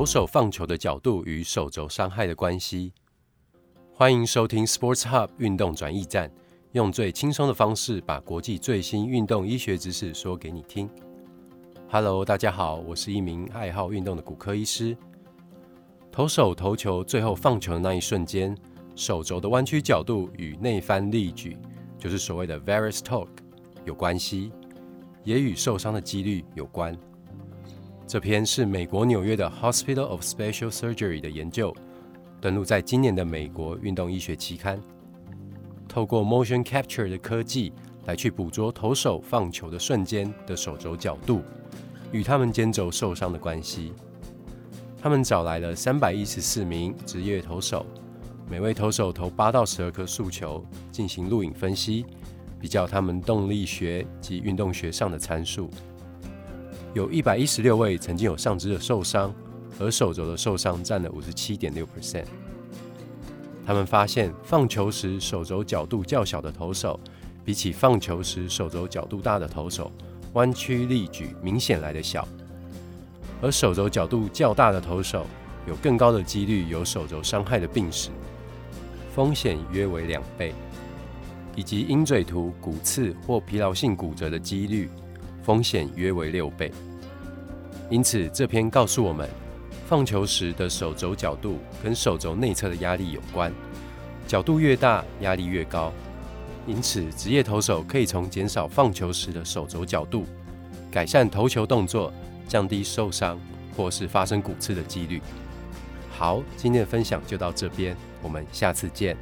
投手放球的角度與手肘傷害的關係。歡迎收聽 Sports Hub 運動轉譯站，用最輕鬆的方式把國際最新運動醫學知識說給你聽。Hello，大家好，我是一名愛好運動的骨科醫師。投手投球最後放球的那一瞬間，手肘的彎曲角度與內翻力矩，就是所謂的 varus torque，有關係，也與受傷的幾率有關。這篇是美國紐約的 Hospital of Special Surgery 的研究，登錄在今年的美國運動醫學期刊。透過 motion capture 的科技來去捕捉投手放球的瞬間的手肘角度，與他們肩肘受傷的關係。他們找來了三百一十四名職業投手，每位投手投八到十二顆速球進行錄影分析，比較他們動力學及運動學上的參數。有一百一十六位曾經有上肢的受傷，而手肘的受傷佔了五十七點六 percent。他們發現，放球時手肘角度較小的投手，比起放球時手肘角度大的投手，彎曲力矩明顯來得小。而手肘角度較大的投手，有更高的幾率有手肘傷害的病史，風險約為兩倍，以及鷹嘴突骨刺或疲勞性骨折的幾率。風險約為六倍，因此這篇告訴我們，放球時的手肘角度跟手肘內側的壓力有關，角度越大，壓力越高。因此，職業投手可以從減少放球時的手肘角度，改善投球動作，降低受傷或是發生骨刺的幾率。好，今天的分享就到這邊，我們下次見。